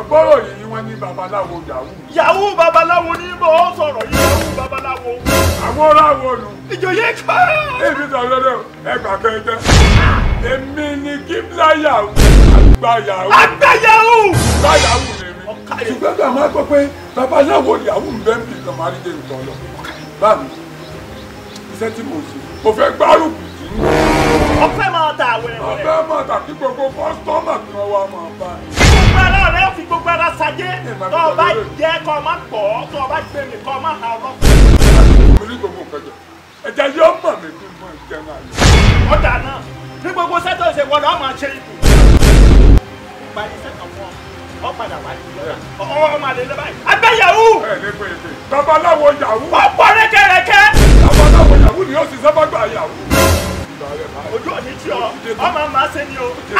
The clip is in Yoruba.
ọgbọ́rọ̀ yìí ni wọ́n ní babaláwo yahoo. yahoo babaláwo ni mo ń sọ̀rọ̀ yahoo babaláwo. àwọn ọ̀làwọ̀ nù. ìjòyè ká. èmi sọ̀rọ̀ lọ́dọ̀ ẹgbà kẹjẹ. èmi ni gíblá yahoo. àgbà yahoo. àgbà yahoo. àgbà yahoo ni mi. ṣùgbọ́n bí àwọn akọ pé babaláwo yahoo ń bẹ́ ń bì kan máa ń dé nǹkan lọ. báàmì iṣẹ́ tí mo ṣe mo fẹ́ gbárùkù sí i. ọ̀fẹ́ máa ta àwẹ̀rẹ̀wẹ̀rẹ̀. ọ̀fẹ́ máa ta kí gbogbo kọ́sítọ́mà kan wá máa bá a ara rẹ fi gbogbo ara ṣayé tó bá jẹ kó má pọ̀ tó bá gbé mi kó má ha ọlọ́pàá. ẹja yóò mọ̀ mí bí mo jẹ máa lọ. ọ̀dà náà ní gbogbo sẹ́tọ̀ ṣe wọ́n lọ́ọ́ ṣe ibù. ìgbà sẹ́tọ̀ fún ọ ọ padà wá ní ìlú ọwọ́ ọmọ àlè lé báyìí. abẹ́ yahoo. ẹ ní pé èdè babaláwo yahoo. wọ́n ni yóò ṣiṣẹ́ bá gbà yahoo. ojú òní tí ọ ọmọ màá ṣe ni o.